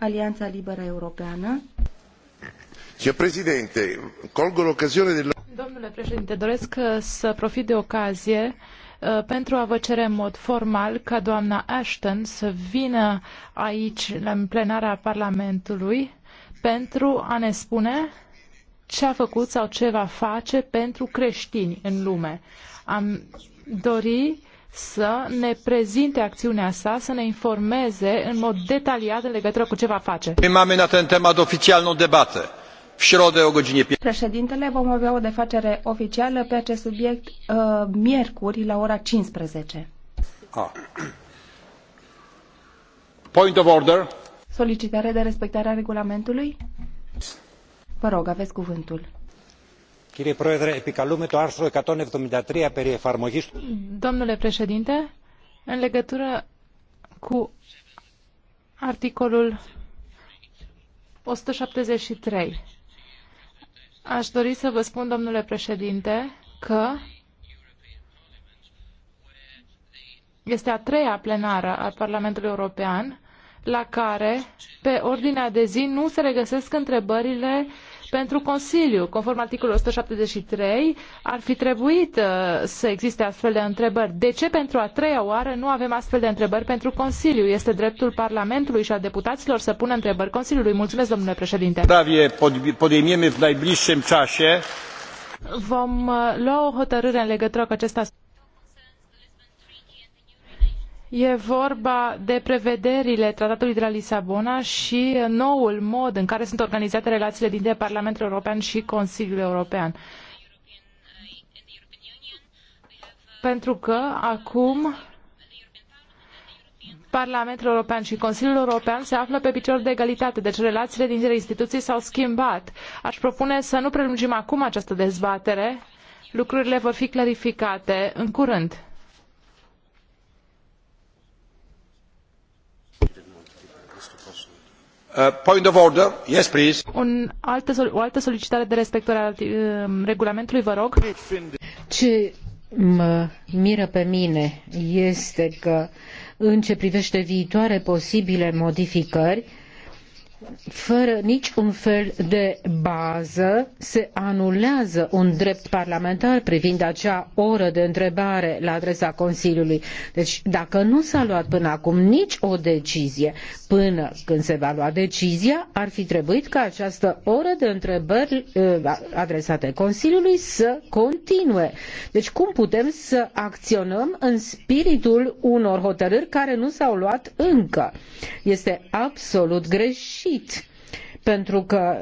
Alianța Liberă Europeană. Domnule președinte, doresc uh, să profit de ocazie uh, pentru a vă cere în mod formal ca doamna Ashton să vină aici, la plenara Parlamentului, pentru a ne spune ce a făcut sau ce va face pentru creștini în lume. Am dori să ne prezinte acțiunea sa, să ne informeze în mod detaliat în legătură cu ce va face. Mamy na ten temat oficjalną debatę. În środę o godzinie Președintele, vom avea o defacere oficială pe acest subiect uh, miercuri la ora 15. Ah. Point of order. Solicitare de respectare a regulamentului? Vă rog, aveți cuvântul. Domnule președinte, în legătură cu articolul trei aș dori să vă spun, domnule președinte, că este a treia plenară a Parlamentului European la care, pe ordinea de zi, nu se regăsesc întrebările pentru Consiliu, conform articolului 173, ar fi trebuit uh, să existe astfel de întrebări. De ce pentru a treia oară nu avem astfel de întrebări pentru Consiliu? Este dreptul Parlamentului și al deputaților să pună întrebări Consiliului. Mulțumesc, domnule președinte. Prawie podejmiemy w najbliższym czasie. Vom uh, lua o hotărâre în legătură cu acest aspect. E vorba de prevederile Tratatului de la Lisabona și noul mod în care sunt organizate relațiile dintre Parlamentul European și Consiliul European. Pentru că acum Parlamentul European și Consiliul European se află pe picior de egalitate, deci relațiile dintre instituții s-au schimbat. Aș propune să nu prelungim acum această dezbatere. Lucrurile vor fi clarificate în curând. Uh, point of order. Yes, please. o altă solicitare de respectare a uh, regulamentului, vă rog. Ce mă miră pe mine este că în ce privește viitoare posibile modificări, fără niciun fel de bază, se anulează un drept parlamentar privind acea oră de întrebare la adresa Consiliului. Deci, dacă nu s-a luat până acum nici o decizie, până când se va lua decizia, ar fi trebuit ca această oră de întrebări eh, adresate Consiliului să continue. Deci, cum putem să acționăm în spiritul unor hotărâri care nu s-au luat încă? Este absolut greșit greșit, pentru că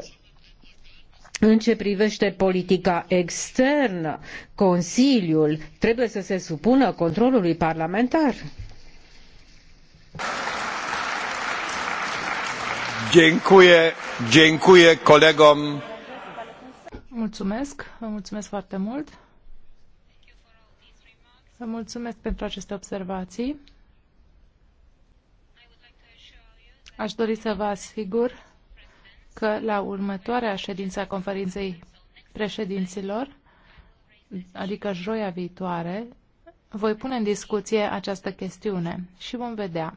în ce privește politica externă, Consiliul trebuie să se supună controlului parlamentar. Dziękuję, dziękuję kolegom. Mulțumesc, vă mulțumesc foarte mult. Vă mulțumesc pentru aceste observații. Aș dori să vă asigur că la următoarea ședință a conferinței președinților, adică joia viitoare, voi pune în discuție această chestiune și vom vedea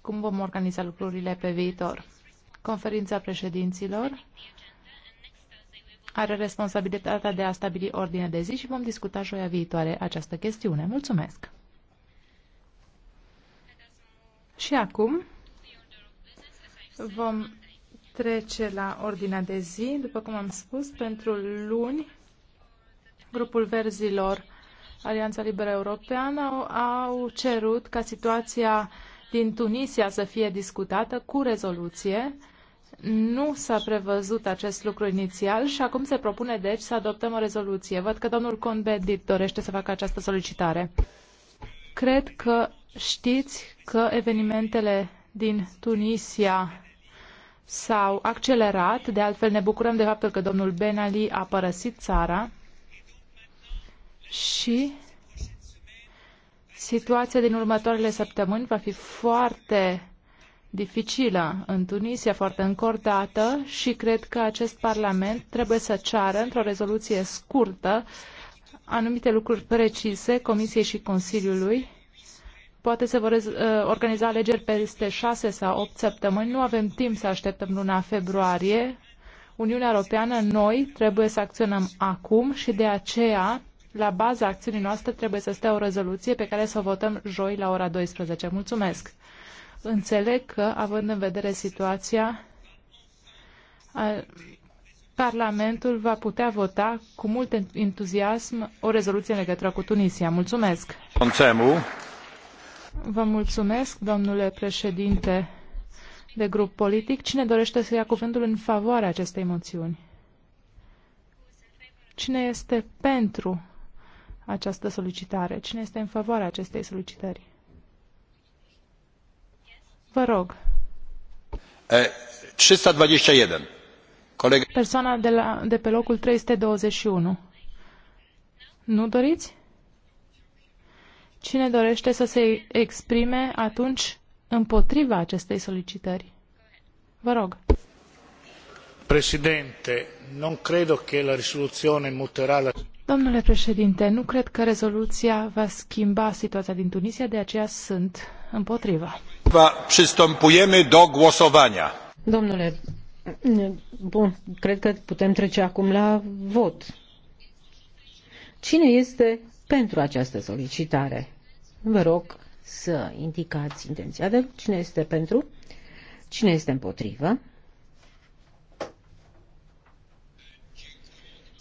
cum vom organiza lucrurile pe viitor. Conferința președinților are responsabilitatea de a stabili ordinea de zi și vom discuta joia viitoare această chestiune. Mulțumesc! Și acum Vom trece la ordinea de zi. După cum am spus, pentru luni, grupul verzilor Alianța Liberă Europeană au cerut ca situația din Tunisia să fie discutată cu rezoluție. Nu s-a prevăzut acest lucru inițial și acum se propune deci să adoptăm o rezoluție. Văd că domnul Conbedit dorește să facă această solicitare. Cred că știți că evenimentele din Tunisia s-au accelerat, de altfel ne bucurăm de faptul că domnul Ben Ali a părăsit țara și situația din următoarele săptămâni va fi foarte dificilă în Tunisia, foarte încordată și cred că acest Parlament trebuie să ceară într-o rezoluție scurtă anumite lucruri precise Comisiei și Consiliului Poate se vor uh, organiza alegeri peste șase sau opt săptămâni. Nu avem timp să așteptăm luna februarie. Uniunea Europeană, noi trebuie să acționăm acum și de aceea, la baza acțiunii noastre, trebuie să stea o rezoluție pe care să o votăm joi la ora 12. Mulțumesc! Înțeleg că, având în vedere situația, Parlamentul va putea vota cu mult entuziasm o rezoluție în legătură cu Tunisia. Mulțumesc! Vă mulțumesc, domnule președinte de grup politic. Cine dorește să ia cuvântul în favoarea acestei moțiuni? Cine este pentru această solicitare? Cine este în favoarea acestei solicitări? Vă rog. 321. Coleg... Persoana de, la, de pe locul 321. Nu doriți? Cine dorește să se exprime atunci împotriva acestei solicitări? Vă rog. Președinte, non credo che la risoluzione muterà la... Domnule președinte, nu cred că rezoluția va schimba situația din Tunisia, de aceea sunt împotriva. Przystępujemy do głosowania. Domnule, bun, cred că putem trece acum la vot. Cine este pentru această solicitare. Vă rog să indicați intenția de cine este pentru, cine este împotrivă.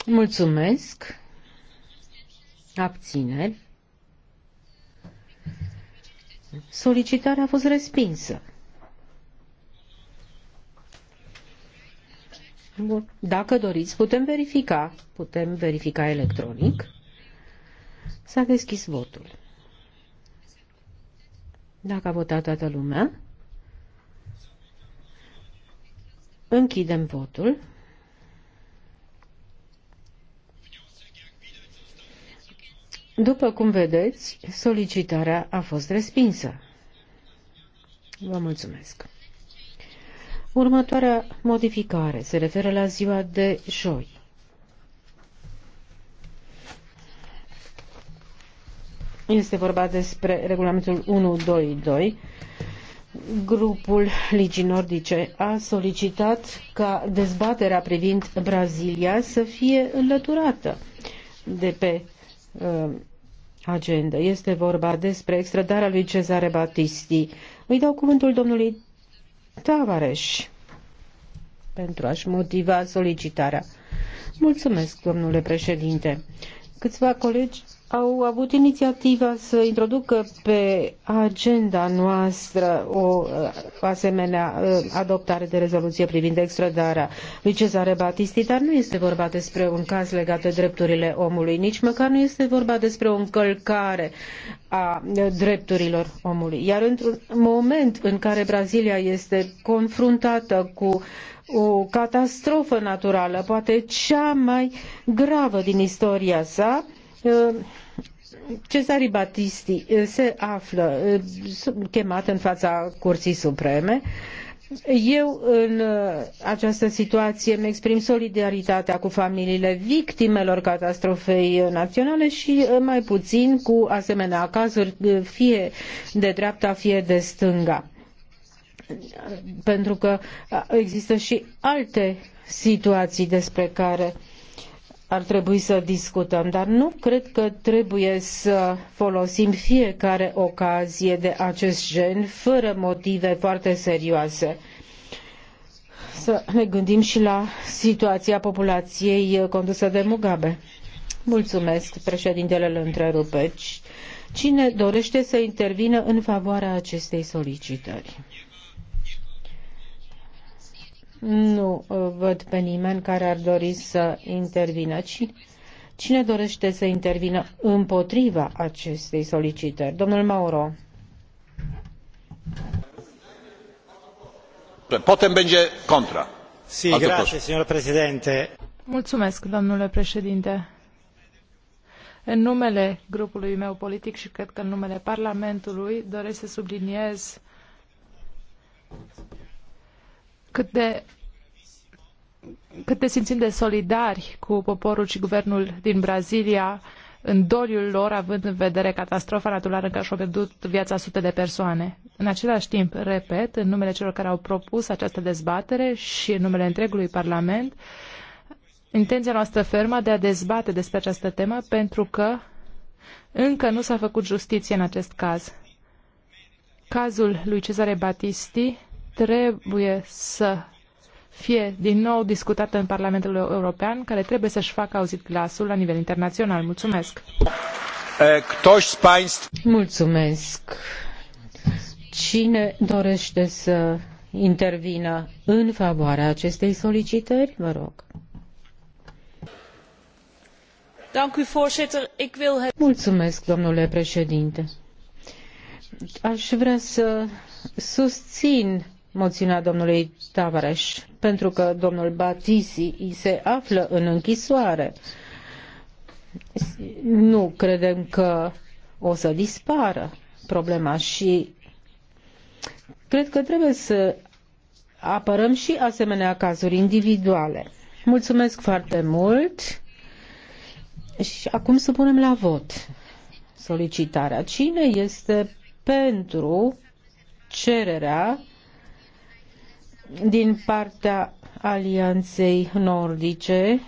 Mulțumesc. Abțineri. Solicitarea a fost respinsă. Bun. Dacă doriți, putem verifica. Putem verifica electronic. S-a deschis votul. Dacă a votat toată lumea, închidem votul. După cum vedeți, solicitarea a fost respinsă. Vă mulțumesc. Următoarea modificare se referă la ziua de joi. Este vorba despre regulamentul 122. Grupul Ligii Nordice a solicitat ca dezbaterea privind Brazilia să fie înlăturată de pe uh, agenda. Este vorba despre extradarea lui Cezare Batisti. Îi dau cuvântul domnului Tavares pentru a-și motiva solicitarea. Mulțumesc, domnule președinte. Câțiva colegi au avut inițiativa să introducă pe agenda noastră o asemenea ă, adoptare de rezoluție privind extradarea lui Cezare Batisti, dar nu este vorba despre un caz legat de drepturile omului, nici măcar nu este vorba despre o încălcare a drepturilor omului. Iar într-un moment în care Brazilia este confruntată cu o catastrofă naturală, poate cea mai gravă din istoria sa, ă, Cezari Batisti eh, se află eh, chemat în fața Curții Supreme. Eu în eh, această situație îmi exprim solidaritatea cu familiile victimelor catastrofei naționale și mai puțin cu asemenea cazuri fie de dreapta, fie de stânga pentru că există și alte situații despre care ar trebui să discutăm, dar nu cred că trebuie să folosim fiecare ocazie de acest gen fără motive foarte serioase. Să ne gândim și la situația populației condusă de Mugabe. Mulțumesc, președintele îl întrerupe. Cine dorește să intervină în favoarea acestei solicitări? Nu uh, văd pe nimeni care ar dori să intervină. Cine, dorește să intervină împotriva acestei solicitări? Domnul Mauro. Potem będzie contra. Si, grazie, signor Presidente. Mulțumesc, domnule președinte. În numele grupului meu politic și cred că în numele Parlamentului doresc să subliniez uh, cât de cât te simțim de solidari cu poporul și guvernul din Brazilia în doliul lor, având în vedere catastrofa naturală care și-a pierdut viața sute de persoane. În același timp, repet, în numele celor care au propus această dezbatere și în numele întregului Parlament, intenția noastră fermă de a dezbate despre această temă pentru că încă nu s-a făcut justiție în acest caz. Cazul lui Cezare Batisti trebuie să fie din nou discutată în Parlamentul European, care trebuie să-și facă auzit glasul la nivel internațional. Mulțumesc! Eh, Mulțumesc! Cine dorește să intervină în favoarea acestei solicitări? Vă rog. Mulțumesc, domnule președinte. Aș vrea să susțin moțiunea domnului Tavares, pentru că domnul Batisi se află în închisoare. Nu credem că o să dispară problema și cred că trebuie să apărăm și asemenea cazuri individuale. Mulțumesc foarte mult și acum să punem la vot solicitarea. Cine este pentru cererea din partea Alianței Nordice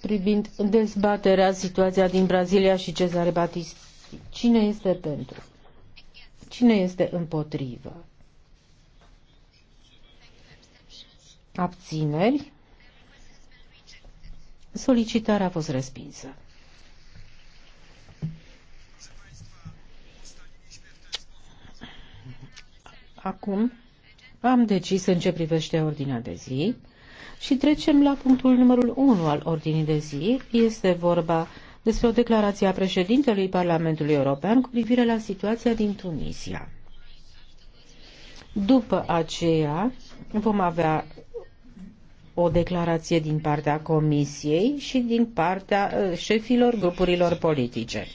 privind dezbaterea situația din Brazilia și Cezare Batisti. Cine este pentru? Cine este împotrivă? Abțineri? Solicitarea a fost respinsă. Acum am decis în ce privește ordinea de zi și trecem la punctul numărul 1 al ordinii de zi. Este vorba despre o declarație a președintelui Parlamentului European cu privire la situația din Tunisia. După aceea vom avea o declarație din partea Comisiei și din partea eh, șefilor grupurilor politice.